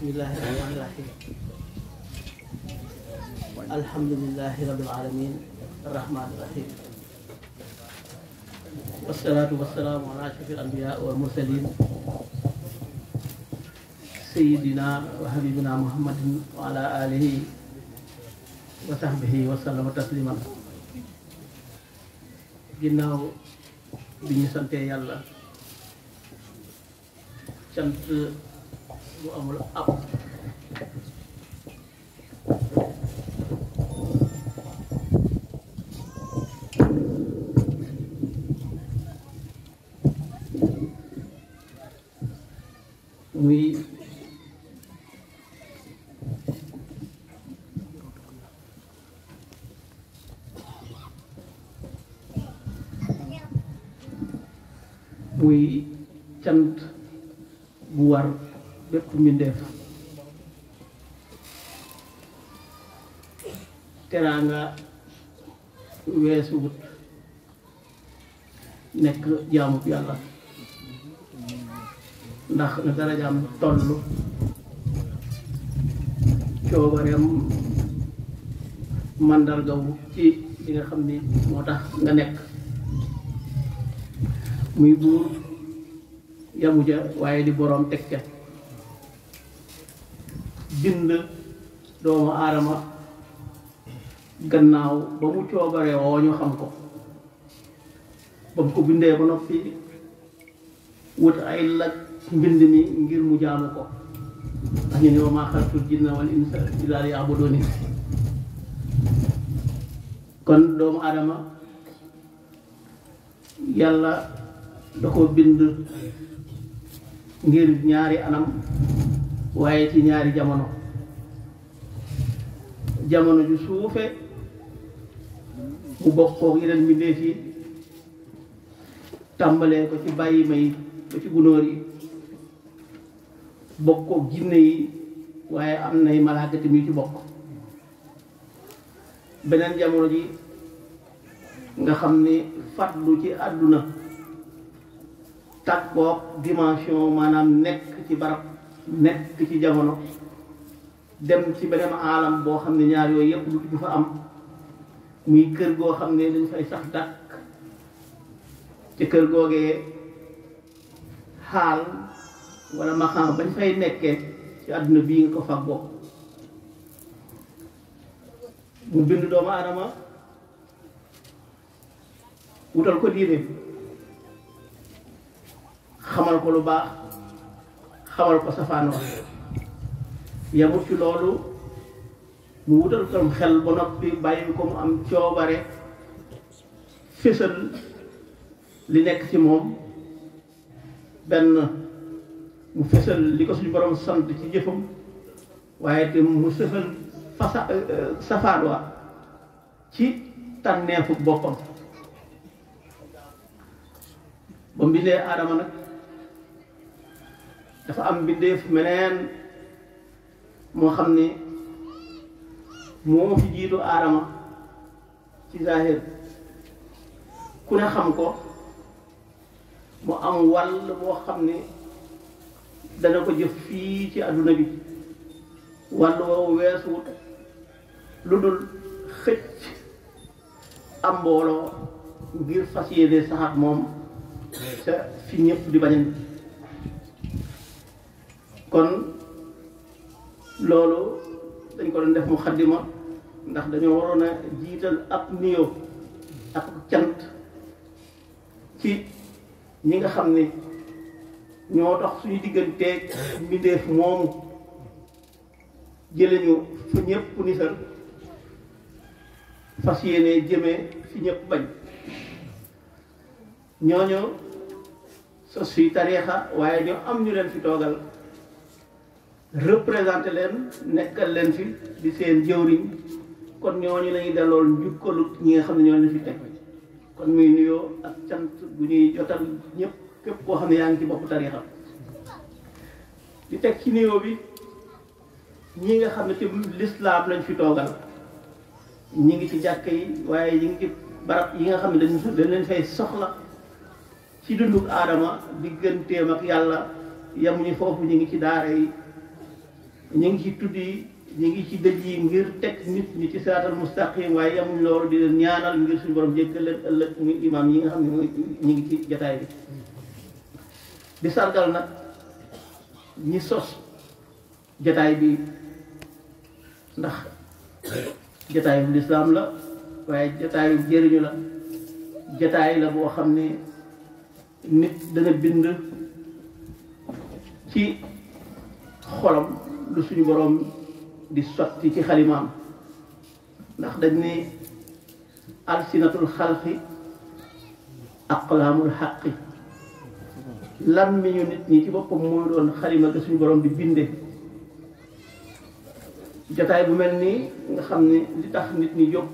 bismillahi rahmaani rahim alhamdulilahi rabil alamin rahmaani rahim wasalaatu wasalaamu ala ashrafil anbiya wal mursalin sayidina wa habibina muhammadin wa ala alihi wa sahbihi wa sallama tasliman ginnaaw bi ñu santee yàlla sant We mbindeef teraanga weesu nek jamu piala, yàlla ndax na dara jaam toll mandar màndargawu ci li nga xam ni moo tax nga nekk muy buur yamu ja bind doomu aadama gannaaw ba mu coobaree woo ñu xam ko ba mu ko bindee ba noppi wut ay laj mbind mi ngir mu jaamu ko ndax ñu ne wa maa xalaqtul jinna wal insa illa liya'buduni kon doomu aadama yàlla da ko bind ngir ñaari anam waaye ci ñaari jamono jamono ju suufe mu bokkoo yeneen mbindeef yi tàmbalee ko ci bàyyi may ba ci gunóor yi bokkoo jinne yi waaye am nay malaaka tamit yu ci bokk beneen jamono ji nga xam ni fàttlu ci àdduna tàggoog dimension maanaam nekk ci barab nekk ci jamono dem ci beneen aalam boo xam ne ñaar yooyu yëpp du fa am muy kër goo xam ne dañ fay sax dàkk ci kër googee xaal wala maxam bañ fay nekkee ci àdduna bii nga ko fa bokk mu bind doomu aadama wutal ko diine xamal ko lu baax xamal ko safaanoo yamut ci loolu mu wutal tam xel ba noppi bàyyi ko mu am coobare fésal li nekk ci moom benn mu fésal li ko suñu borom sant ci jëfam waaye te mu sëfal fasa euh, euh, safaan wa ci tànneefu boppam ba mbindee aadama nag dafa am mbindeef meneen moo xam ne moo fi jiitu aadama ci zahir ku ne xam ko mu am wal boo xam ne dana ko jëf fii ci àdduna bi wàll woowu weesuwut lu dul xëcc am mbooloo ngir fas yéene saxaat moom sa fi ñëpp di bañan kon loolu dañ ko doon def mu xaddima ndax dañoo waroon a jiital ab nuyoo ak cant ci ñi nga xam ne ñoo dox suñu digganteeg mbindeef moomu jëlee ñu fu ñëpp nisal fas yéene jëme fi ñëpp bañ ñooñu sos fi tariixa waaye ñoo am ñu leen ci toogal représenté leen nekkal leen fi di seen jëwriñ kon ñooñu lañuy delloo njukkalu ñi nga xam ne ñooñu fi teg kon muy nuyoo ak cant bu ñuy jotal ñëpp képp koo xam ne yaa ngi ci bopp tariixa di teg ci nuyoo bi ñi nga xam ne ci lislaam lañ fi toogal ñi ngi ci jàkk yi waaye ñi ngi ci barab yi nga xam ne dañ dañ leen fay soxla ci dunduk aadama digganteem ak yàlla yamuñu foofu ñi ngi ci daara yi ñu ngi ci tuddi ñu ngi ci dëj yi ngir teg nit ñi ci siraatal mustaqim waaye yamuñ loolu di leen ñaanal ngir suñu borom jéggal leen ëllëg muy imaam yi nga xam ne ñu ngi ci jataay bi di sargal nag ñi sos jataay bi ndax jataayu lislaam la waaye jataayu jëriñu la jataay la boo xam ne nit dana bind ci xolom lu suñu borom di sotti ci xalimaam ndax dañ ne alsinatul xalqi aqlaamul xaqi lan mi ñu nit ñi ci boppam mooy doon xalima ga suñu borom di binde jotaay bu mel nii nga xam ne li tax nit ñi jóg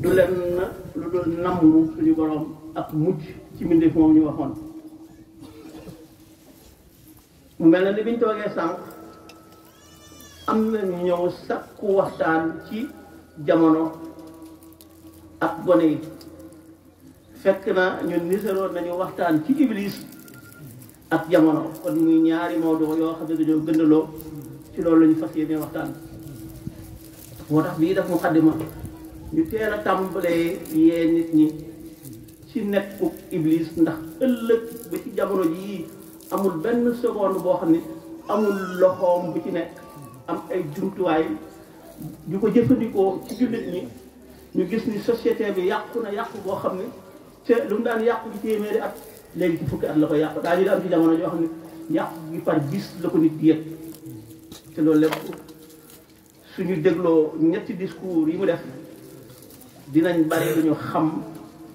du leen lu dul suñu borom ak mucc ci moom ñu waxoon mu mel biñ am na ñu ñëw sakku waxtaan ci jamono ak gone yi fekk na ñun nisaroon nañu waxtaan ci ibliis ak jamono kon ñu ñaari mawdu yoo xam ne dañoo gëndaloo ci loolu la ñu fas yéene waxtaan moo tax bii daf mu xaddima ñu teel a yee nit ñi ci nekku iblis ndax ëllëg ba ci jamono jii amul benn seconde boo xam ne amul loxoom bu ci nekk am ay jumtuwaay yu ko jëfandikoo ci jullit ñi ñu gis ni société bi yàqu na yàqu boo xam ne te lu mu daan yàqu ci téeméeri at léegi ci fukki at la ko yàqu daa di am ci jamono joo xam ne yàqu gi par dix la ko nit di yëg te loolu lépp suñu dégloo ñetti discours yi mu def dinañ bari lu ñu xam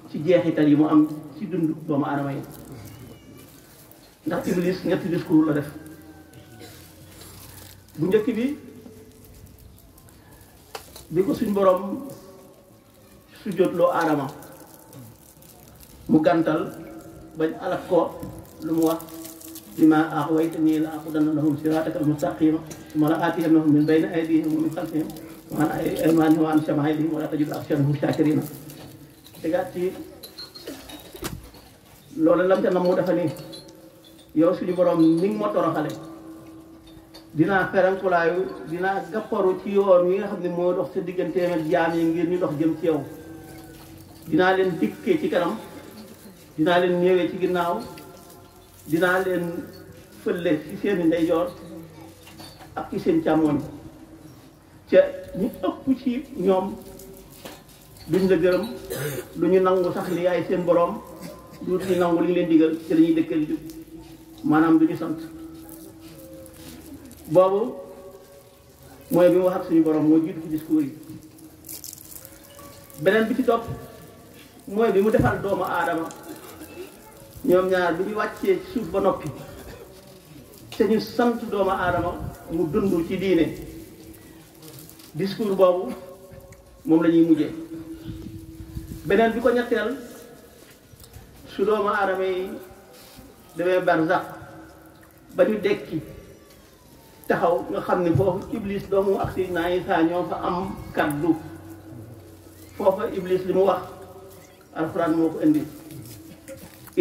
ci jeexital yi mu am ci dund doomu aadama yi ndax Iblis ñetti discours la def bu njëkk bi bi ko suñ borom su jotloo aadama mu gàntal bañ alak ko lu mu wax bima axwaytani la aqudanna lahum sirataka almustaqima suma la aatiyannahum min bayni aydihim wa min xalfihim wa an aymanihim wa an shamailihim wala tajidu aksarahum shakirina tegaat ci loolu lam ca na dafa ni yow suñu borom ni toroxale dinaa ferankulaayu dinaa gàpparu ci yoon wi nga xam ne moo dox sa digganteem ak jaam yi ngir ñu dox jëm ci yow dinaa leen dikkee ci kanam dinaa leen ñëwee ci ginnaaw dinaa leen fëlle ci seeni ndeyjoor ak ci seen càmmoñ ca ñu ëpp ci ñoom duñ la gërëm lu ñu nangu sax li yaay seen boroom duutu ñu nangu li leen digal ci la ñuy jub maanaam du sant boobu mooy bi mu suñu borom moo jiitu ci discours yi beneen bi ci topp mooy bi mu defal doomu aadama ñoom ñaar bi ñu wàccee suuf ba noppi te sant doomu aadama mu dund ci diine discours boobu moom lañuy ñuy mujjee beneen bi ko ñetteel su doomu aadama yi demee barzak ba ñu dekki taxaw nga xam ne foofu iblis doomu ak Seydina Isaa ñoo fa am kaddu foofa iblis li mu wax alxuraan moo ko indi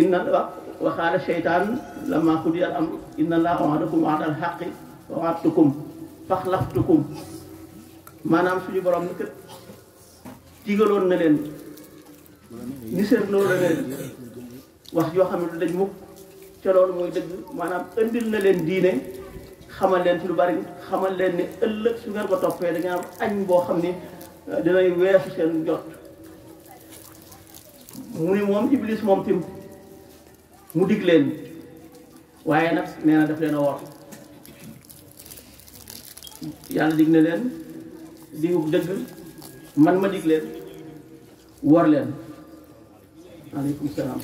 inna wax waxaala seytaan lamma qudi al amr inna allaha wa'adakum wa'dal haqqi wa wa'adtukum faxlaftukum maanaam suñu borom ni kat digaloon na leen ni seetloo na leen wax yoo xam ne du dañ mukk ca loolu mooy dëgg maanaam indil na leen diine xamal leen ci lu bari xamal leen ne ëllëg su ngeen ko toppee da am añ boo xam ni euh, dinay weesu seen jot mu ni moom iblis moom tim mu dig leen waaye nag nee na daf leen a war yàlla dig na leen dëgg man ma dig leen war leen aleykum salaam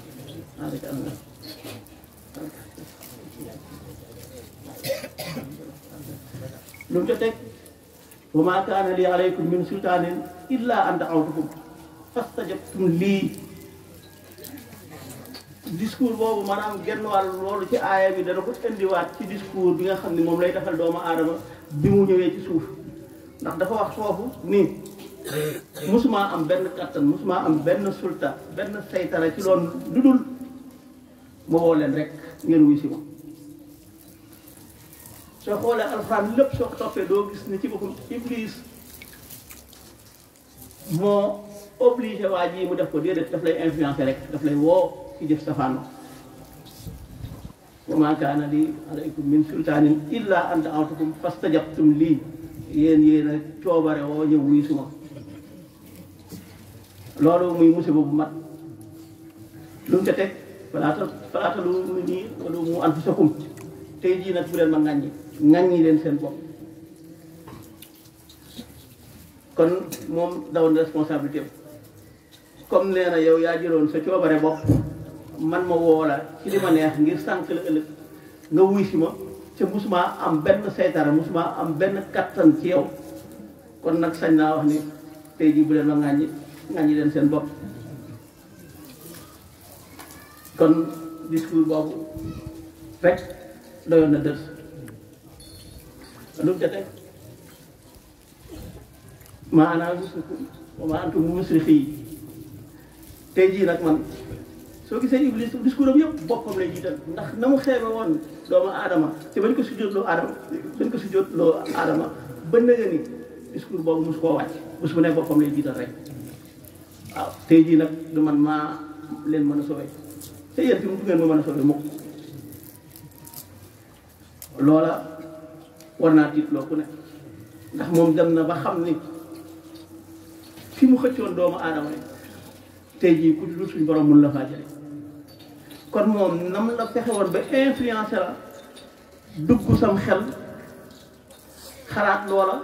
aleykum salaam lu mu ca teg wa maa kaana li alaykum min sultaanin illa an da'awtukum fastajabtum lii discours boobu maanaam genn wàll loolu ci aayam bi dana ko indiwaat ci discours bi nga xam ne moom lay defal doomu aadama bi mu ñëwee ci suuf ndax dafa wax foofu nii musuma am benn kattan musuma am benn sulta benn saytara ci loon dudul ma woo leen rek ngeen wuy si ma soo xoolee alxuraan lépp soo ko toppee doo gis ne ci boppam iblis moo obligé waa ji mu def ko déedéet daf lay influencé rek daf lay woo ci jëf safaano wa maa kaana lii alaykum min sultaanin illa an da'awtukum fastajabtum lii yéen yéen a coobare woo ñëw wuy suma loolu muy musiba bu mat lu mu ca teg falaata falaata nii wala mu anfusakum tey jii nag bu leen ma ngàññi ŋàññi leen seen bopp kon moom dawoon responsabilité comme nee na yow yaa jëloon sa coobare bopp man ma woola ci li ngir sànq la ëllëg nga wuy si ma te musuma am benn saytara musuma am benn kattan ci yow kon nag sañ naa wax ni tey jii bu leen ma ŋàññi ŋàññi leen seen bopp kon discours boobu rek doyoon na dës lu mu ca teg maa ana musrikum wa maa antum jii nag man soo gisee Iblis discours am yëpp boppam lay jiital mu xeebe doomu aadama bañ ko sujjóot loo aadama bañ ko sujjóot loo aadama ba nëgë ni ne boppam lay jiital rek waaw tey jii nag du man maa leen mën a sauver te yéen fi mu ngeen ma mën a sauver mukk loola war naa tiitloo ku ne ndax moom dem na ba xam ni fi mu xëccoon doomu aadama yi tey jii ku dul suñ borom mun la faa jëlee kon moom nam la fexe woon ba influencé la dugg sam xel xalaat loola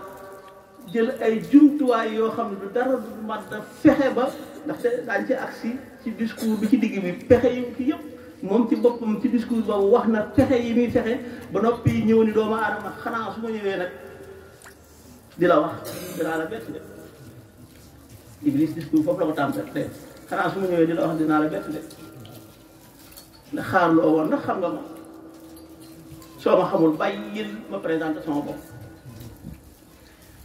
jël ay jumtuwaay yoo xam ne du dara du mat fexe ba ndax daañ ci agsi ci discours bi ci digg bi pexe yu ci yëpp moom ci boppam ci discours boobu wax na fexe yi muy fexe ba noppi ñëw ni doomu aadama xanaa su ma ñëwee nag di wax dinaa la bett de iblis discours foofu la ko tàmbal de xanaa su ma ñëwee di la wax dinaa la bett de ndax xaar loo woon ndax xam nga ma soo ma xamul bàyyil ma présenté sama bopp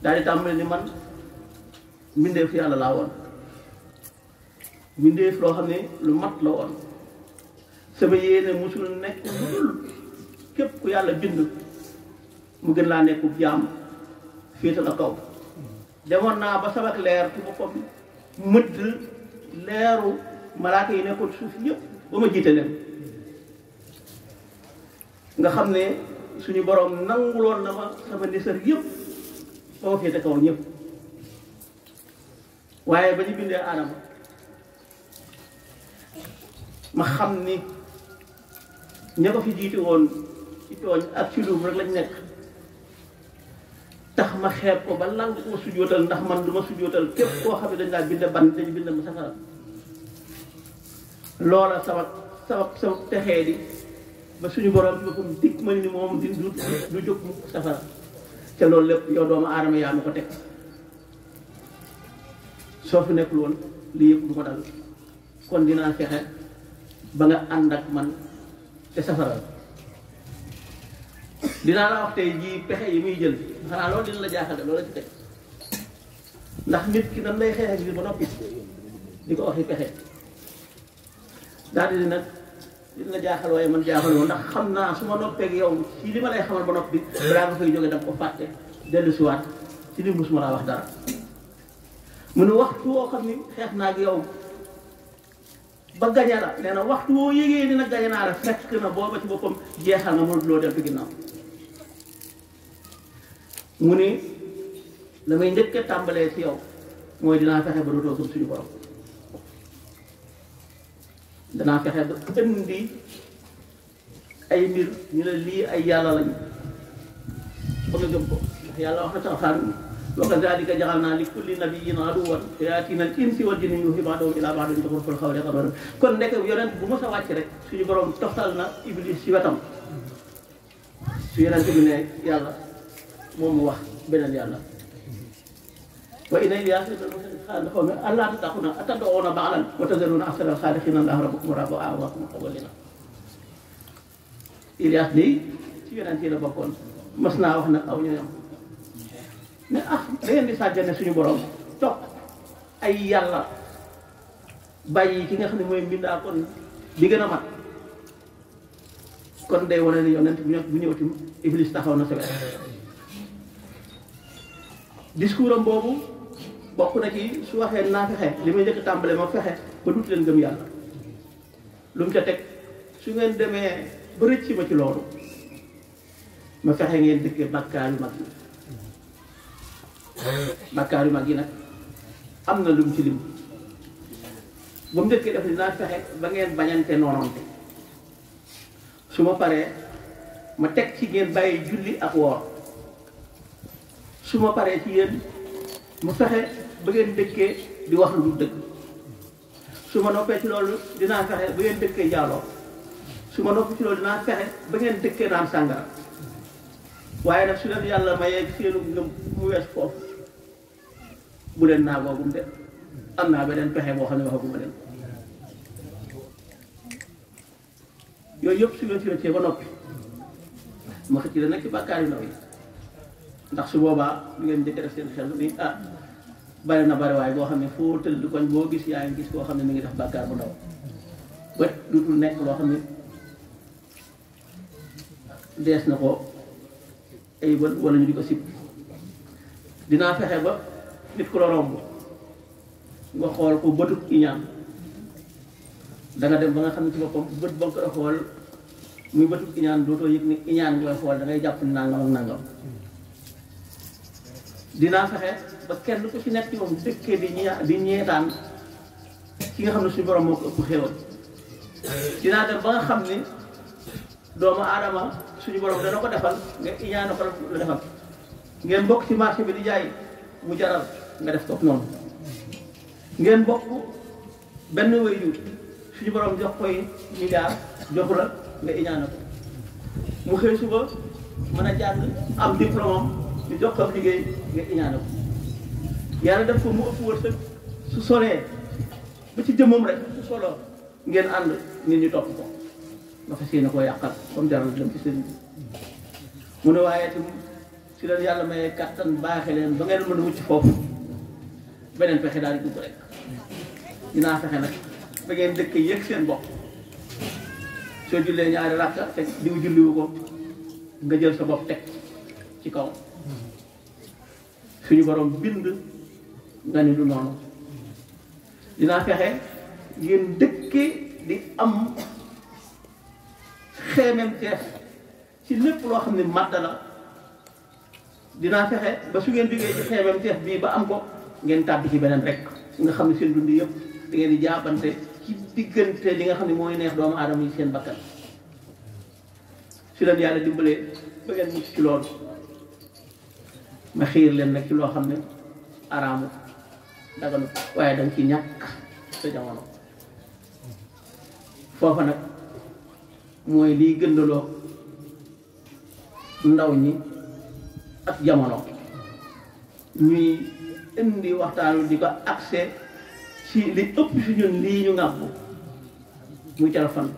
daal di tàmbali ni man mbindeef yàlla laa woon mbindeef loo xam lu mat la woon sama yéene musul nekk dul képp ku yàlla bind mu gën laa nekku jaam féeta a kaw demoon naa ba sabak leer ku boppam mëdd leeru malaaka yi nekkoon suuf yëpp ba ma jiite leen nga xam ne suñu borom nanguloon na ma sama nisar yëpp ba ma féete kaw ñëpp waaye ba ñu bindee aadama ma xam ni ña Fiji fi jiitu woon ci tooñ ak ci luum rek lañ nekk tax ma xeeb ko ba làng ko sujjootal ndax man du ma sujjootal képp koo xam ne dañ laa bind ban dañ bind ma safara loola sama sama sama texee di ba suñu borom ci boppam dikk ma ni moom di du du jóg mu safara te loolu lépp yow doomu aadama yaa ko dal kon ba nga ak man te safara dinaa la wax tey jii pexe yi muy jël xanaa loolu dina la jaaxal de loolu la ci ndax nit ki dañ lay xeex bi ba noppi di ko waxi pexe daal di nag dina la jaaxal waaye man jaaxaloo ndax xam naa su ma noppeeg yow ci li ma lay xamal ba noppi balaa nga fay jógee dama ko fàtte dellu si ci li musuma laa wax dara mu ne waxtu woo xam ni xeex naa ak yow ba gañe nee na waxtu woo yégee dina gañe naa la fekk na booba ci boppam jeexal na mënut loo deltu ginnaaw mu ni la may tàmbalee ci yow mooy dinaa fexe ba dootoo sum suñu borom danaa fexe ba indi ay mbir ñu ne lii ay yàlla lañu ba nga gëm ko ndax yàlla wax na ci alxaan wa kazalika jaxalnaa li kulli nabiyyin aduwwan shayaatina al insi wal jinni yuuhaa ba'duhum ilaa ba'din zukhrufal qawli ghataa kon ndek yonent bu mos a wàcc rek suñu borom toxtal na iblis ci wetam su yonent bi ne yàlla moom mu wax beneen yàlla wa inna Ilyaasa xaalis xaw ma allaa tattaquuna atad'uuna ba'lan wa tazaruuna ahsana al-xaaliqiin allaahu rabbukum wa rabbu aabaa'ikum al-awwaliin Ilyaas nii ci yonent yi la bokkoon mas naa wax nag aw ñooñam ne ah da di sàggane suñu borom topp ay yàlla bàyyi ki nga xam ne mooy mbindaa kon bi gën a mat kon day wane ne yonent bu ñëw bu ñëw iblis taxaw na sawet discours am boobu bokk na ci su waxee naa fexe li ma njëkk tàmbale ma fexe ba dut leen gëm yàlla lu ca teg su ngeen demee ba rëcc ma ci loolu ma fexe ngeen dëkkee bàkkaar yu mag yi bàkkaar yu mag yi nag am na lu mu ci lim ba mu njëkkee def ni fexe ba ngeen bañante noonante su ma paree ma teg ci ngeen bàyyi julli ak woor su ma paree ci yéen mu fexe ba ngeen dëkkee di wax lu dul ma noppee loolu dinaa fexe ba ngeen dëkkee jaaloo su ma noppee ci loolu dinaa fexe ba ngeen dëkkee naan sàngara waaye nag su leen yàlla mayee seenu ngëm mu wees foofu bu leen naagoogum de am naa beneen pexe boo xam ne waxaguma leen yooyu yëpp subventionné ba noppi ma xëcc la nag ci bàkkaar yu ndaw yi ndax su boobaa lu ngeen njëkk seen xel ni ah bari na bari waaye boo xam ne foo tëdd koñ boo gis yaa ngi gis koo xam ne mi ngi def bàkkaar bu ndaw wet dootul nekk loo xam ne dees na ko ay wala ñu di ko sib dinaa fexe ba nit ku la romb nga xool ko bëtut iñaan da nga dem ba nga xam ci boppam bët ba ko xool muy bëtut iñaan dootoo yëg ni iñaan nga xool da ngay jàpp nangam ak nangam dinaa ba kenn ci nekk ci di ñee di ñeetaan ki nga xam suñu borom moo ëpp xéewal dinaa dem ba nga xam doomu suñu borom ko defal nga ko la defal ngeen ci marché bi di jaay mu jaral nga def ko noonu ngeen bokk benn wéyu suñu borom jox koy milliard jox la nga iñaane ko mu xëy suba mën a jàng am diplôme ñu jox ko am liggéey nga iñaane ko yàlla def ko mu ëpp wërsëg su solee ba ci jëmmam rek su solo ngeen ànd nit ñi topp ko nga fas yéene koo yàqal comme jaral dem ci sëriñ bi mu ne waaye itam leen yàlla mayee kàttan baaxe leen ba ngeen mën a mucc foofu beneen fexe daal di dugg rek dinaa fexe nag ba ngeen dëkk yëg seen bopp soo jullee ñaari rakka te diw julliwu ko nga jël sa bopp teg ci kaw suñu borom bind nga ni du noonu dinaa fexe ngeen dëkkee di am xeemem teef ci lépp loo xam ne màdd la dinaa fexe ba su ngeen jógee ci xeemem teef bii ba am ko ngeen tàbbi ci beneen rek nga xam ne seen dund yëpp da ngeen di jaabante ci diggante li nga xam ne mooy neex doomu aadama yi seen bakkan si leen yàlla dimbalee ba ngeen mucc ci loolu ma xiir leen nag ci loo xam ne araamu daganu waaye da nga ci ñàkk sa jamono foofa nag mooy liy gëndaloo ndaw ñi ak jamono ñuy indi waxtaanu di ko accès ci li ëpp si ñun lii ñu ngàbbu muy téléphone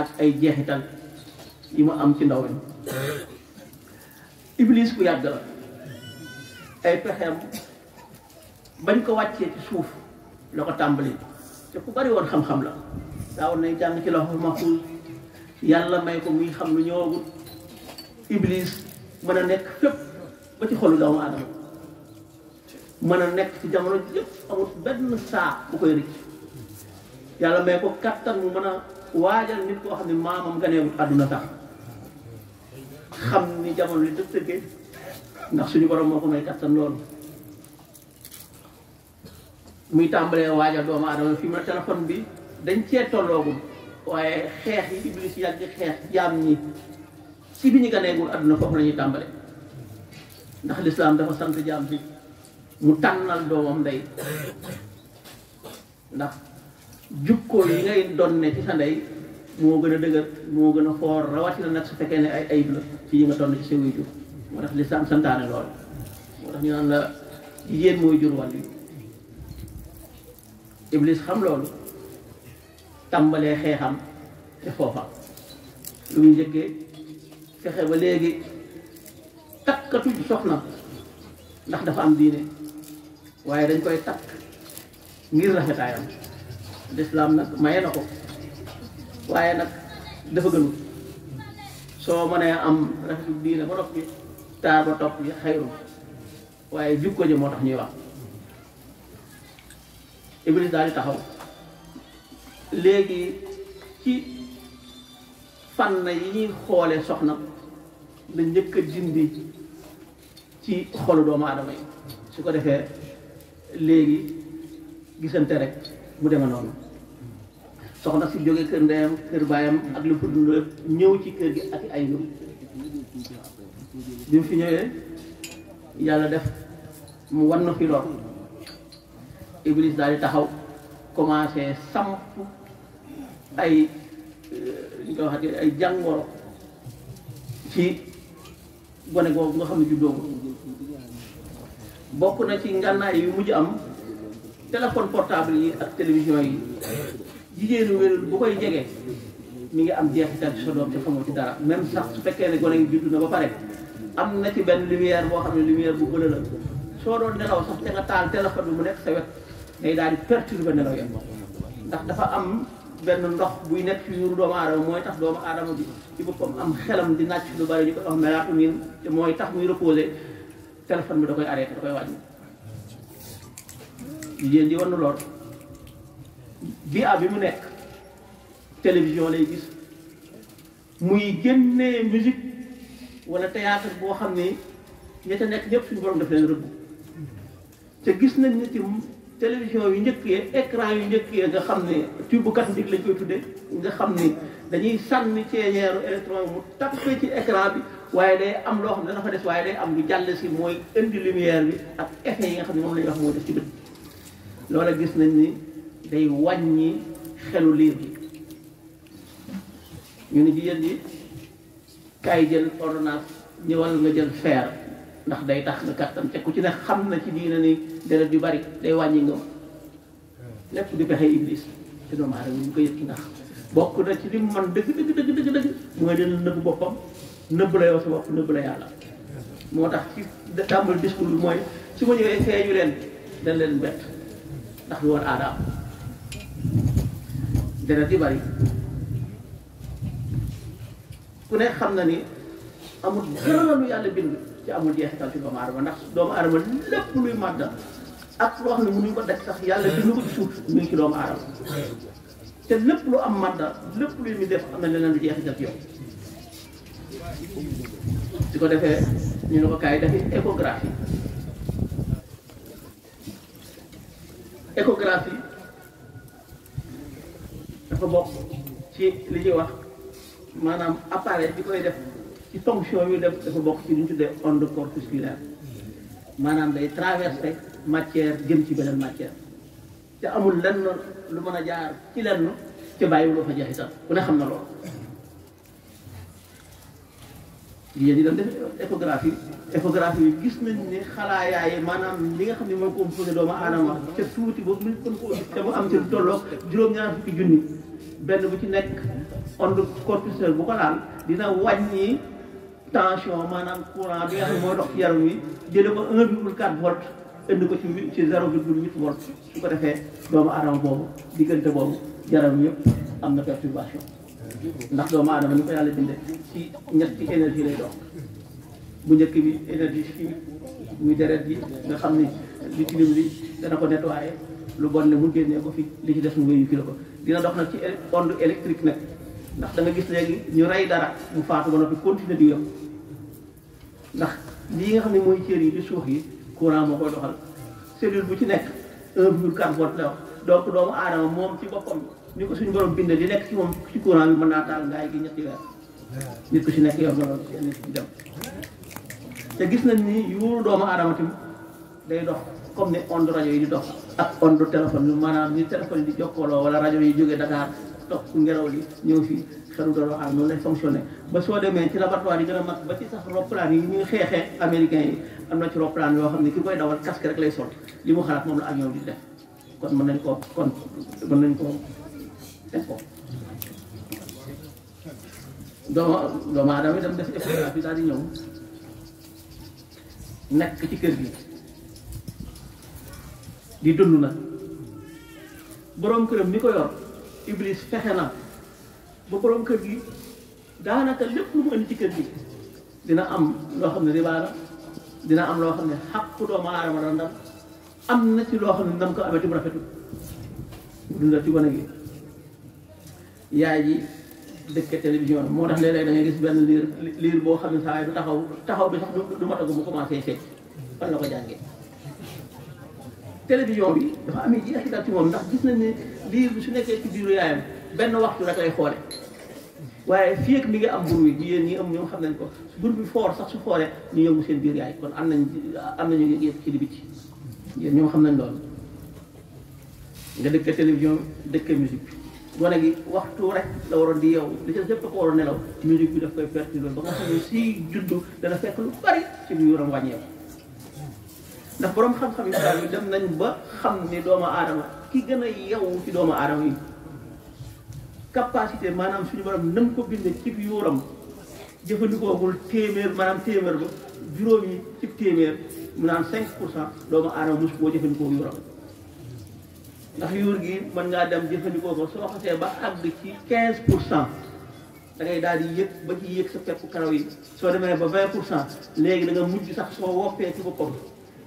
ak ay jeexital yi mu am ci ndaw ñi iblis ku yàgg la ay pexeem bañ ko wàccee ci suuf la ko tàmbali te ku bari woon xam-xam la daa war nañ jàng ci la maxuus yàlla may ko muy xam lu ñëwagul iblis mën a nekk fépp ba ci xolu doomu aadama mën a nekk ci jamono yëpp amul benn saa bu koy rëcc yàlla may ko kattan mu mën a waajal nit koo xam ne maamam ganeewut àdduna tax xam ni jamono li dëf tëggee ndax suñu borom moo ko may kattan loolu muy tàmbalee waajal doomu aadama fi mu ne téléphone bi dañ cee tolloogum waaye xeex yi iblis yàgg xeex jaam ñi si bi ñu ganeegul àdduna foofu la ñuy tàmbale ndax lislaam dafa sant jaam bi mu tànnal doomam ndey ndax jukkoo yi ngay donne ci sa ndey moo gën a dëgër moo gën a foor rawatina nag su fekkee ne ay ay la ci yi nga donn ci sa waajur moo tax lislaam santaane lool moo tax ñu naan la jigéen mooy jur wàll yi xam loolu tàmbalee xeexam te foofa lu muy njëkkee fexe ba léegi takkatuñ soxna ndax dafa am diine waaye dañ koy takk ngir rafetaayam lislaam nag maye na ko waaye nag dafa gënul soo mënee am rafetu diine ba noppi taar ba topp yi xayru waaye jukko ji moo tax ñuy wax Ibilis daal di taxaw léegi ci fànn yi ñuy xoole soxna la njëkk a dindi ci xolu doomu aadama yi su ko defee léegi gisante rek mu deme noonu soxna si jógee kër ndeyam kër baayam ak lu mu ñëw ci kër gi ak ay ñoom bi mu fi ñëwee yàlla def mu wan na fi lor Iblis daal di taxaw commencé samp ay euh, li nga waxati ay jàngoro ci gone googu nga xam ne juddoo bokk na ci ngànnaay yu mujj am téléphone portable yi ak télévision yi jigéenu wérul bu koy jege mu ngi am jeexital ci sa doom te xamoo ci dara même sax su fekkee ne gone yi juddu na ba pare am na ci benn lumière boo xam ne lumière bu bële la soo doon nelaw sax te nga taal téléphone bi mu nekk sa wet day daal di perturber nelaw ya ndax dafa am benn ndox buy nekk ci yuuru doomu aadama mooy tax doomu aadama bi ci boppam am xelam di nàcc lu bari mooy tax muy reposer téléphone bi da koy arrêté da koy wàññi jigéen ji war na lor bi a bi mu nekk télévision lay gis muy génnee musique wala théâtre boo xam ne ñi ca nekk ñëpp suñu borom daf leen rëbb te gis nañ ne ci télévision yu njëkk yi écran yu njëkk yee nga xam ne tube cathodique lañ koy tuddee nga xam ne dañuy sànni ceeñeeru électron mu tapé ci écran bi waaye day am loo xam ne dafa des waaye day am lu jàll si mooy indi lumière bi ak effet yi nga xam ne moom la wax moo def ci bët loola gis nañ ni day wàññi xelu liir bi ñu ne jigéen ñi kaay jël ordonnance ñëwal nga jël feer ndax day tax nga kattan te ku ci ne xam na ci diina ni deret yu bari day wàññi nga lépp di pexe iblis te doomu aadama ñu ko yëg ndax bokk na ci li mu mën dëgg dëgg dëgg dëgg mooy dina nëbb boppam nëbb la yow sa bopp nëbb la yàlla moo tax ci tàmbali discours bi mooy su ma ñëwee feeñu leen dañ leen bett ndax du woon aadaam deret di bari ku ne xam na ni amul dara lu yàlla bind ci amul jeex ci doomu aadama ndax doomu aadama lépp luy màdda ak loo xam ko def sax yàlla bind ko ci suuf mu ngi doomu aadama te lépp lu am màdda lépp luy mi def am na leneen lu jeex ci yow su ko defee ñu ne ko kaay dafi échographie échographie dafa bokk ci li ñuy wax maanaam appareil bi koy def ci fonction yu def dafa bokk ci li ñu tuddee onde corpusculaire maanaam day traversé matière jëm ci beneen matière te amul lenn lu mën a jaar ci lenn ci bàyyiwuloo fa jeexital ku ne xam na loolu yéen ñi doon def échographie échographie yi gis nañ ne xalaayaayi maanaam li nga xam ne mooy composé doomu aadama ca tuuti boobu ñu kon te mu am ci tolloog juróom-ñaar fukki junni benn bu ci nekk onde corpuscule bu ko laal dina wàññi tension maanaam courant bi nga xam ne moo dox ci yaram wi jële ko 1 virgule 4 volt indi ko ci ci 0 virgule 8 volt su ko defee doomu aadama boobu diggante boobu yaram yëpp am na perturbation ndax doomu aadama ni ko yàlla bindee ci ñetti énergie lay dox bu njëkk bi énergie chimique muy deret bi nga xam ni li tilim li dana ko nettoyé lu bon ne mu génnee ko fi li ci def mu véhicule ko dina dox nag ci onde électrique nag ndax da nga gis léegi ñu rey dara mu faatu ba noppi continuer di yokk ndax lii nga xam ne mooy cër yi di suuf yi courant moo koy doxal cellule bu ci nekk 1,4 volt la wax donc doomu aadama moom ci boppam ni ko suñu borom bind li nekk ci moom ci courant bi mën naa taal gaay gi ñetti weer nit ku si nekk yor borom si nit dem te gis nañ ni yuuru doomu aadama day dox comme ni onde rajo yi di dox ak ondo téléphone bi manam ni téléphone di jokkoloo wala rajo yi juga Dakar tok ngelaw li ñëw fii xelu doon waxaat noonu lay fonctionné ba soo demee ci laboratoire yi gën a mag ba ci sax roplaan yi ñuy xeexee américain yi am na ci roplaan yoo xam ki koy dawal casque rek lay sol limu mu xalaat la avion di def kon mën nañ ko kon mën nañ ko def ko doomu doomu aadama itam def effort bi daal di ñëw nekk ci kër gi di dund nag këram ni ko fexe na ba boroom kër gi daanaka lépp lu mu indi ci kër gi dina am loo xam ne riba la dina am loo xam ne xàqu doomu aadama la ndam am na ci loo xam ne ndam ko amee ci mu rafetul dundal ci wane gi yaay ji dëkke télévision moo tax léeg-léeg gis benn liir liir boo xam ne saa yi du taxaw taxaw bi sax du ma tagu mu commencé fecc fan la ko jàngee télévision bi dafa am jeexital ci moom ndax gis nañ ne liir bi su nekkee ci biiru yaayam benn waxtu la koy xoole waaye fii ak mi ngi am bur wi jigéen ñi am ñoom xam nañ ko bur bi foor sax su xoolee ñu yëngu seen biir yaay kon am nañ am nañu yëpp ci li biti ñoom xam nañ loolu nga dëkk télévision dëkk musique bi wane gi waxtu rek la waroon di yow li ci des yëpp da ko waroon nelaw musique bi daf koy perturbé ba nga xam ne si juddu dana fekk lu bari ci lu yoram wàññeeku ndax borom xam-xam yi daal dem nañ ba xam ne doomu aadama ki gën a yow ci doomu aadama yi capacité maanaam suñu borom nam ko bindee ci yoram jëfandikoogul téeméer maanaam téeméer ba juróom yi ci téeméer mu naan 5 pour cent doomu aadama mos boo jëfandikoo yoram. ndax yuur gi mën ngaa dem jëfandikoo ko soo xasee ba àgg ci 15 pour cent da ngay daal di yëg ba ci yëg sa pepp karaw yi soo demee ba 20 pour cent léegi da nga mujj sax soo woppee ci boppam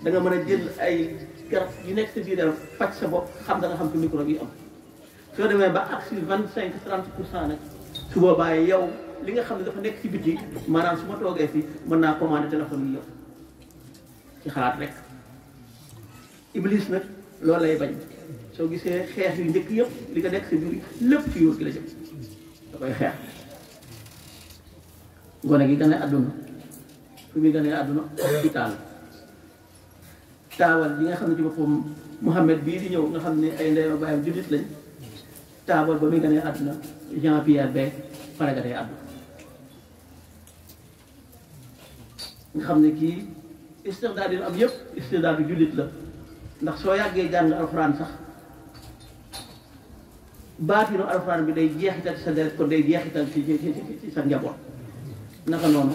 da nga mën a jël ay garab yu nekk sa biir yaram faj sa bopp xam da nga xam ci microbe yi am soo demee ba àgg vingt cinq 30 pour cent nag su boobaa yow li nga xam ne dafa nekk ci biti maanaam su ma toogee fii mën naa commandé téléphone yi yow ci xalaat rek iblis nag loolu lay bañ. soo gisee xeex yu njëkk yëpp li ko nekk si biir lépp ci yuus gi la jëm da koy xeex gone gi gane àdduna fu muy gane àdduna hôpital taawal bi nga xam ne ci boppam Mouhamed bii di ñëw nga xam ne ay ndeyam baayam jullit lañ taawal ba muy gane àdduna Jean Pierre ba faragatee àdduna nga xam ne kii istirdaad yi am yëpp istirdaad bi jullit la ndax soo yàggee jàng alxuraan sax baatinu alxuraan bi day jeexital sa deret kon day jeexital ci ci sa njaboot naka noonu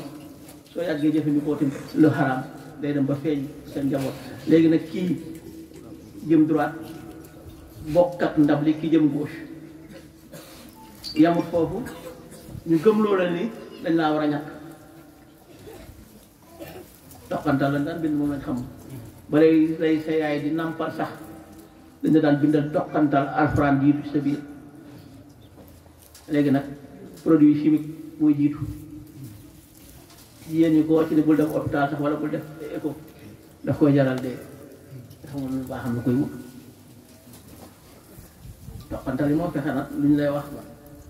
soo yàggee jëfandikoo tim lu xaraam day dem ba feeñ sa njaboot léegi nag kii jëm droite bokk ndab li ki jëm gauche yamut fofu ñu gëm loola ni dañ laa war a ñàkk toqantal la daan bind xam ba di nampasah sax dañ daan bindal toqantal alxuraan yi sa biir léegi nag produit chimique mooy jiitu jigéen ñi ko ci ne bul def hôpital sax wala bul def éco daf koy jaral de xamul lu baax am lu koy wut toqantal yi moo fexe nag lu ñu lay wax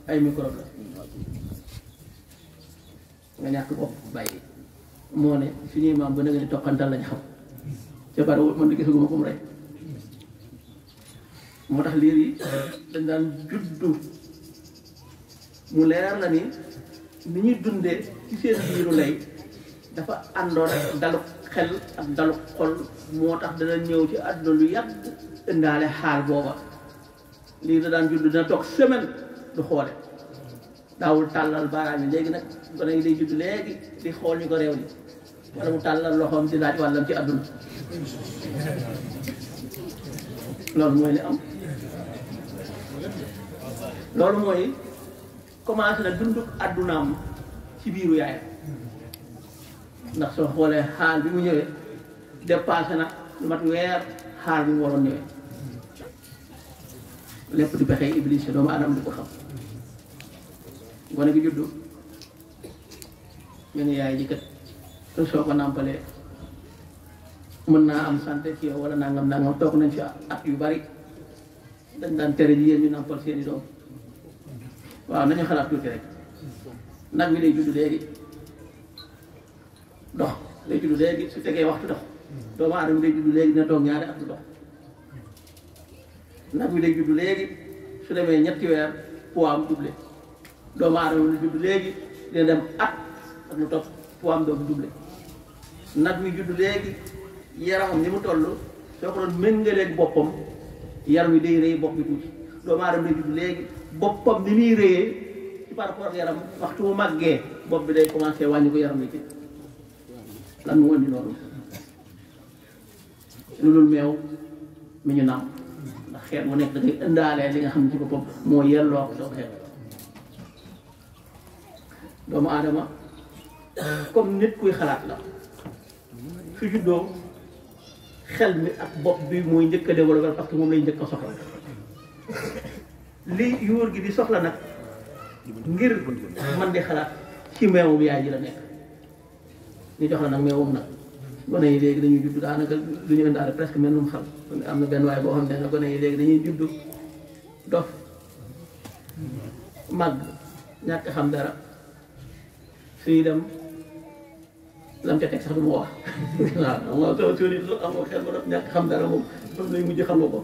ay microbe la nga ñàkk bopp bàyyi moo ne suñuy maam ba nga ne toqantal lañ xam ca bariwul man di gisaguma ko mu rey moo tax liir yi dañ daan juddu mu leeral na ni ni ñuy dundee ci seen biiru lay dafa àndoon ak dalu xel ak dalu xol moo tax dana ñëw ci àdduna lu yàgg indaale xaar booba lii da daan judd dina toog semaine du xoole daawul tàllal baaraam yi léegi nag gone yi day judd léegi di xool ñu ko réew ni wala mu tàllal loxoom di laaj wàllam ci àdduna loolu mooy li am loolu mooy commencé na dunduk adunaam ci biiru yaayam ndax soo xoolee xaal bi mu ñëwee dépassé na lu mat weer xaal bi mu waroon ñëwee di pexe iblis doomu adam du ko xam gone gi juddu ñu yaay ji kat te soo ko mën naa am santé ci yow wala nangam nangam toog nañ fi at yu bari dañ daan tere jigéen ñu seeni doom waaw nañu xalaat tuuti rek nag mi lay judd léegi dox lay judd léegi su tegee waxtu dox doomaa aadama day judd léegi dina toog ñaari at du dox nag mi lay judd léegi ñetti weer poids am doublé doomu léegi dina dem at ak lu topp poids am doog doublé nag mi judd léegi yaramam ni mu toll soo ko doon méngaleeg boppam yaram mi day rëy bopp bi tuuti doomu aadama lay judd léegi boppam ni muy réyee ci par rapport ak yaram waxtu bu màggee bopp bi day commencé wàññi ko yaram wi ci lan mu wàññi loolu lu dul meew mi ñu naaw ndax xeet mu nekk da ngay li nga xam ne ci boppam moo yelloo ko soo xeet doomu aadama comme nit kuy xalaat la su juddoo xel mi ak bopp bi mooy njëkk a développé parce moom lay njëkk a li yóor gi di soxla nag ngir man di xalaat ci meewum yaay ji la nekk ñu jox la nag meewum nag gone yi léegi dañuy judd daanaka du ñu indaale presque melnum xal am na benn waay boo xam ne gone yi léegi dañuy judd ñàkk xam dara suñu dem lam ca teg sax du wax waaw moo soo soo nit amoo xel ba ñàkk xam dara moom dof mujj xam ko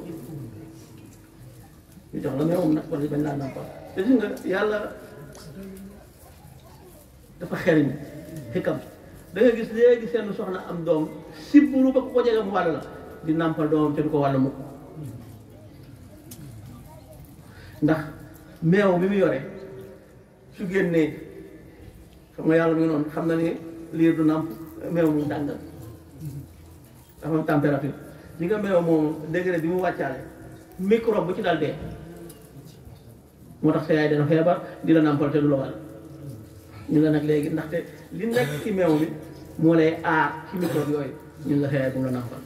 ñu jox la meewam nag wala bañ laa nàmpal te gis nga yàlla dafa xeriñ xikam da nga gis léegi seen soxna am doom sibburu ba ko jege mu wàll la di nàmpal doomam te du ko wàll mukk ndax meew bi mu yore su génnee xam nga yàlla mu ngi noonu xam na ni liir du nàmp meew mu tàngal dafa am température li nga meew moom degré bi mu wàccaale microbe bu ci dal dee moo tax sa yaay dana feebar di la nàmpal te du la war ñu la nag léegi ndaxte li nekk ci meew mi moo lay aar ci microbe yooyu ñun la sa yaay bu la nàmpal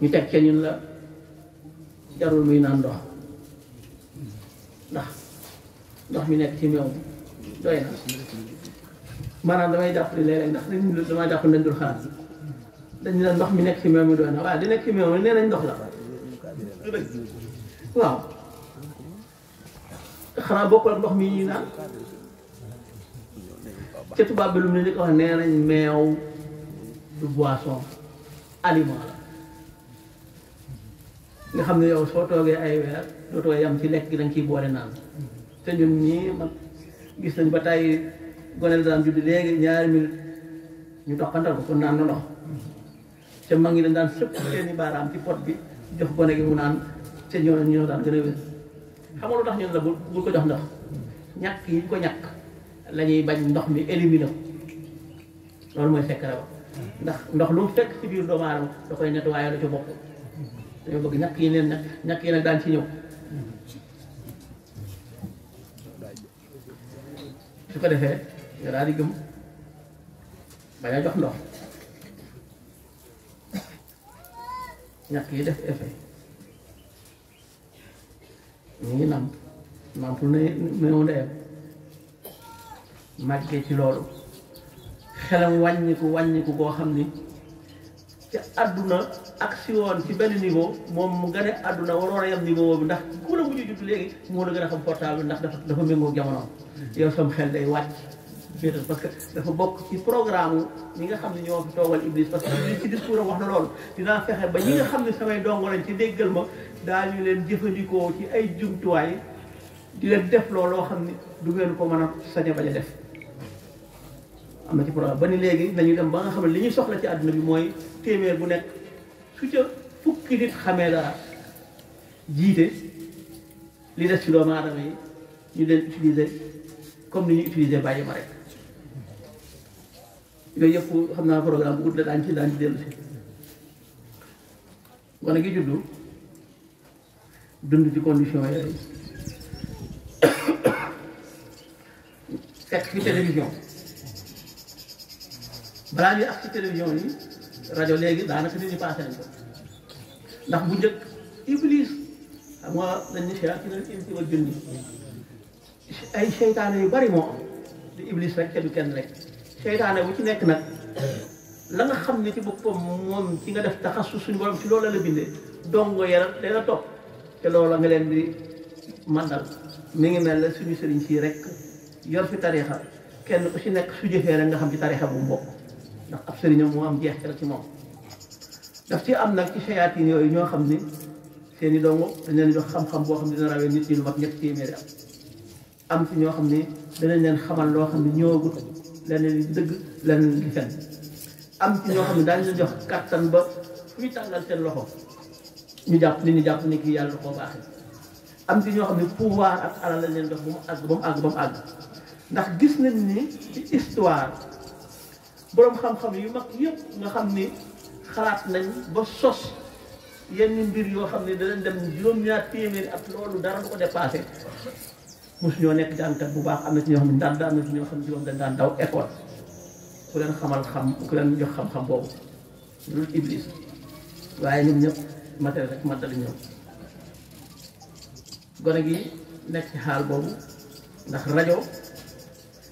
ñu teg ca ñun la jarul muy naan ndox ndax ndox mi nekk ci meew bi doy na maanaam damay jàpp ni léeg ndax dañu damaa jàpp ne dañ dul xalaat dañu ne ndox mi nekk ci meew mi doy na waaw di nekk ci meew mi nee nañ ndox la waaw xanaa bokkul ndox mi ñuy naan ca tubaab bi lu mu ne ko wax nee nañ meew du boisson aliment nga xam ne yow soo toogee ay weer dootoo yam ci lekk gi da ciy boole naan te ñun ñii mag gis nañ ba tey gone daan juddi léegi ñaari minute ñu doxantal ko pour naan na ndox te ñi daan sëpp seeni baaraam ci pot bi jox gone gi mu naan te ñoo ñu daan gën a wér xam nga lu tax ñun la bul ko jox ndox ñàkk yi ñu ko ñàkk la ñuy bañ ndox mi éliminer loolu mooy fekk rek ndax ndox lu mu fekk ci biir doomu aadama da koy nettoyer da ci bokk dañoo bëgg ñàkk yi leen ñàkk yi nag daan ci ñëw su ko defee nga daal di gëm bañ a jox ndox ñàkk yi def effet ñu ngi nàmp nàmp na néew ndeyam màggee ci loolu xelam wàññiku wàññiku koo xam ni ci àdduna ak si woon ci benn niveau moom mu gën a àdduna waroon a yem niveau bi ndax ku la mujj jut léegi moo la gën a xam portable ndax dafa dafa méngoo jamonoom mm-hmm. yow sam xel day wàcc féetal parce que dafa bokk ci programme ñi nga xam ne ñoo fi toogal Iblis parce que li ci discours am wax na loolu dinaa fexe ba ñi nga xam ne samay dongo lañ ci déggal ma daañu leen jëfandikoo ci ay jumtuwaay di leen def loolu loo xam ne du ngeen ko mën a sañ bañ a def am na ci programme ba ni léegi dañuy dem ba nga xam ne li ñu soxla ci àdduna bi mooy téeméer bu nekk su ca fukki nit xamee dara jiite li des ci doomu aadama yi ñu leen utiliser comme ni ñu yooyu yëpp xam naa programme bu gudd la daañu ci daan ci dellu si gone gi juddu dund ci condition yooyu fekk ci télévision balaa ñuy ak ci télévision yi rajo léegi daanaka nit ñi passé nañ ko ndax bu njëkk iblis xam nga dañ ne shayaatiina al-insi wal jinni ay seytaane yu bari moo am di iblis rek te kenn rek seytaane bu ci nekk nag la nga xam ne ci boppam moom ci nga def taxasus suñu borom ci loolu la la bindee dongo yara dana topp te loola nga leen bi mandal mi ngi mel la suñu sëriñ sii rek yor fi tarixa kenn ku si nekk su jëfee rek nga xam ci tarixa bu mbokk ndax ab sëriñam moo am jeex ci moom daf ci am nag ci sayaatin yooyu ñoo xam ni seeni i dongo dañ leen jox xam-xam boo xam ne dina rawee nit ñi lu mag ñett ñoo xam ne danañ leen xamal loo xam ne ñëwagut lenn li dëgg lenn li fen am ci ñoo xam ne daañu la jox kàttan ba fu ñu tàllal seen loxo ñu jàpp ni ñu jàpp ni kii yàlla koo baaxee am ci ñoo xam ne pouvoir ak alal lañ leen jox ba mu àgg ba mu àgg ba mu àgg ndax gis nañ ni ci histoire boroom xam-xam yu mag yépp nga xam ni xalaat nañ ba sos yenn mbir yoo xam ne danañ dem juróom-ñaar téeméeri ak loolu dara du ko dépassé mosu ñoo nekk jàngkat bu baax am na ci ñoo xam ne daan daan na ci ñoo xam ne juróom dañ daan daw école ku leen xamal xam ku leen jox xam-xam boobu loolu iblis waaye ñun ñëpp matériel rek matali ñëw gone gi nekk ci xaal boobu ndax rajo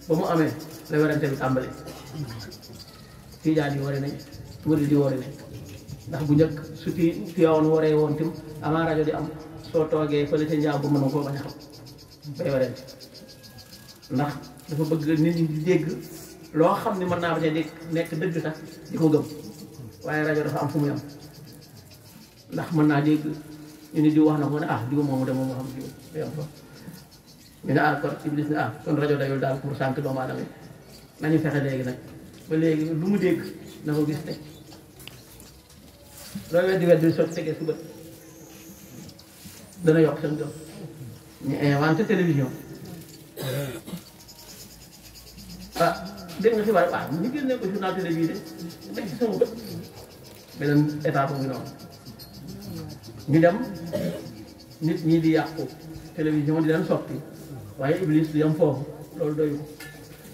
ba mu amee la werante bi tàmbali tiijaan yi wari nañ di yi wari nañ ndax bu njëkk su ti tiyawoon waree woon tim avant rajo di am soo toogee fële ca njaam bu mën a koo bañ a xam day warante ndax dafa bëgg nit ñi di dégg loo xam ne mën naa ba tey nekk dëgg sax di ko gëm waaye rajo dafa am fu muy am ndax mën naa dégg ñu ne diw wax na ko ne ah diw moomu de moom moo xam diw day am ah, ah, rajo dayul daal sànq doomu aadama yi fexe léegi nag léegi lu mu dégg na ko gis teg loolu weddi weddi soo tegee suba dana yokk seen gëm ñu eh, inventé eh, télévision ah dégg nga xibaar waaw ñu génne ko journal télé bii de teg ci sama noonu ñu dem nit ñi di yàqu télévision di leen soppi waaye Iblis di foofu loolu doyul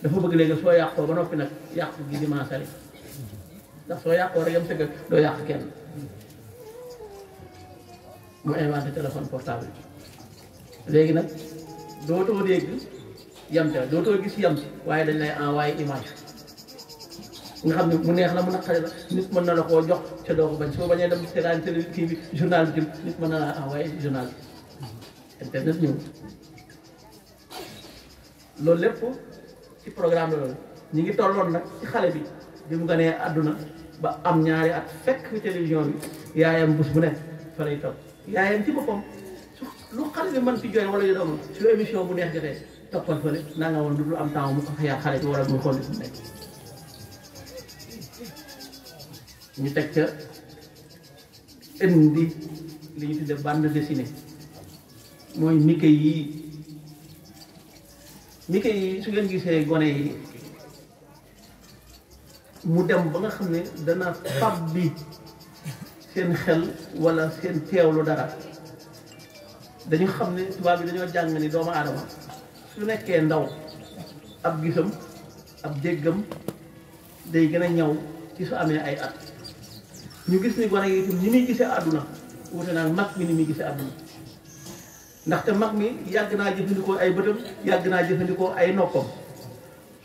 dafa bëgg léegi soo yàqoo ba noppi nag yàqu gi di maasale ndax soo yàqoo rek yam sëgg doo yàq kenn mu inventé téléphone portable léegi nag dootoo dégg yam te dootoo gis yam waaye dañ lay envoyé image nga xam ne mu neex la mu naqare la nit mën na la koo jox te doo ko bañ soo bañee dem seetaan télé kii bi journal bi nit mën na laa envoyé journal bi internet ñëw loolu lépp ci programme la loolu ñu ngi tolloon nag ci xale bi bi mu gënee àdduna ba am ñaari at fekk fi télévision bi yaayam bus bu nekk fa lay toog yaayam ci boppam lu xale bi mën ci jooy wala yu doomam su émission bu neex jotee toppal fële naa nga woon du am temps mu ko xëyaat xale bi wala mu xool fu nekk ñu teg ca indi li ñu tuddee bande dessinée mooy mike yii mike yi su ngeen gisee gone yi mu dem ba nga xam ne dana fab bi seen xel wala seen teewlu dara dañu xam ne tubaab bi dañoo jàng ni doomu aadama su nekkee ndaw ab gisam ab déggam day gën a ñaw ci su amee ay at ñu gis ni gone yi itam ni muy gisee àdduna wute naa mag mi ni muy gisee àdduna ndaxte mag mi yàgg naa jëfandikoo ay bëtam yàgg naa jëfandikoo ay noppam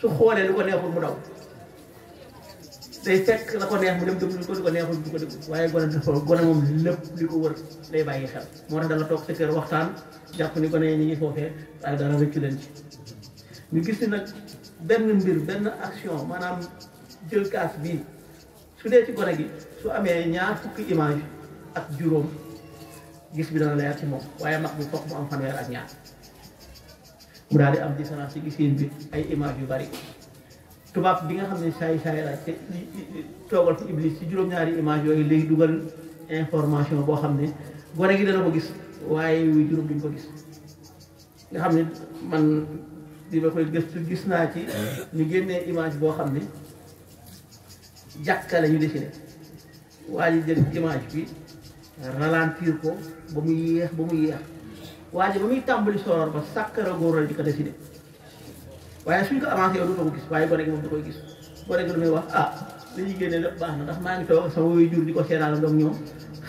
su xoolee lu ko neexul mu daw day fekk la ko neex mu dem déglu ko di ko neexul du ko déglu waaye gone dafa gone moom lépp li ko wër day bàyyi xel moo tax dala toog sa kër waxtaan jàpp ni gone ñi ngi foofee waaye dara rëccu leen ci ñu gis ni nag benn mbir benn action maanaam jël kaas bii su dee ci amee ñaar ak juróom gis bi dana leer ci moom waaye mag bi foog mu am fanweer ak ñaar mu daal di am différence ci gis bi ay image yu bari tubaab bi nga xam ne saay saay la te toogal fi iblis ci juróom-ñaari image yooyu léegi dugal information boo xam ne gone gi dana ko gis waaye yooyu juróom duñ ko gis nga xam ne man di koy gis naa ci ñu génnee image boo xam ne jàkka la ñu dessiné waa ji jël image bi ralentir ko ba mu yéex ba mu yéex waa ji ba muy tàmbali soror ba sàkkara góor la di ko dessiné waaye suñ ko avancé woon du ko gis waaye gone gi moom da koy gis gone gi lu muy wax ah li ñu génne lépp baax na ndax maa ngi toog sama woy jur di ko seetaan donc ñoom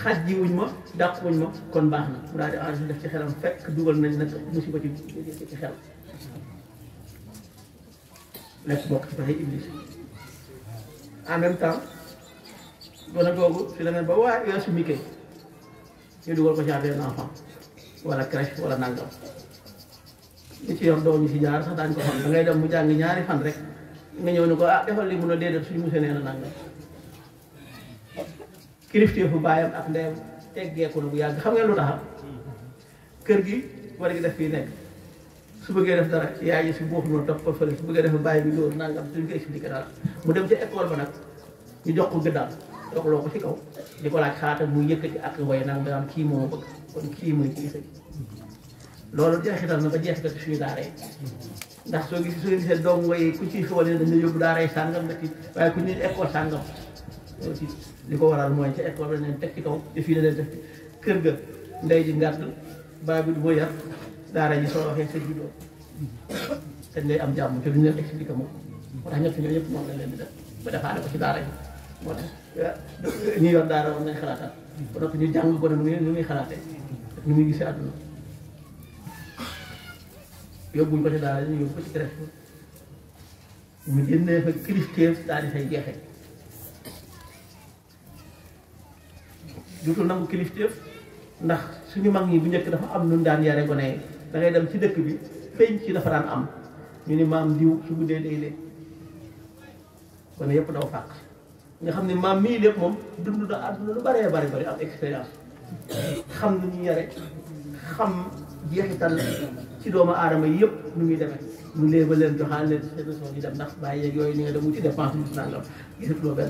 xaj ji wuñ ma dàq wuñ ma kon baax na mu daal di avancé def ci xelam fekk dugal nañ nag musiba ci ci xel nekk bokk ci pexe iblis en même temps gone googu fi la mel ba waa yooyu su mikkee ñu ko ci affaire wala crèche wala nangam li ci yoon doom ñu si jaar sax daañu ko xam da ngay dem mu jàng ñaari fan rek nga ñëw ne ko ah defal li mun a dee def suñu musée nee na nangam kilifteefu ak ndeyam teggeeku na bu yàgg xam ngeen lu gi war gi def su bëggee def dara yaay yi si buux noonu topp ko fële su bëggee def bàyyi bi loolu nangam duñ ko expliqué dara mu dem ci école ba nag ñu jox ko gëddal jox loo ko ci kaw di ko laaj xaatam mu yëkkati ak way nag nga am kii moo bëgg kon kii mooy kii sëñ loolu jeexital na ba jeexital ci suñu daara yi ndax soo gis soo gisee dongo yi ku ci xewal ne dañu yóbbu daara yi sàngam nag waaye ku ñu école sàngam loolu ci li ko waral mooy ca fii la leen kër ga ndey ji ngàtt baay bi du ma yar soo waxee sa juddoo te jàmm te duñu leen expliqué moom moo ba defaale ko ci daara yi moo tax eh, ñu yor daara war nañ xalaataat ba noppi ñu jàng ko ne muy nu muy xalaatee yóbbuñ ko ci daara ñu yóbbu ko ci crèche ñu génnee fa kilifteef daal jeexe dutul nangu kilifteef ndax suñu mag ñi bu njëkk dafa am nun daan yare gone yi da dem ci dëkk bi penc ci dafa daan am ñu ni maam diw su guddee day lee gone yëpp daw fàq nga xam ne maam mii lépp moom dund na àdduna lu baree bari bari am expérience xam nañu yare xam jeexital ci doomu aadama yëpp nu muy demee mu léeba leen joxaal leen seen soxla yi dem ndax bàyyi yeeg yooyu ni nga dem wuti dépense bi nangam gisatuloo benn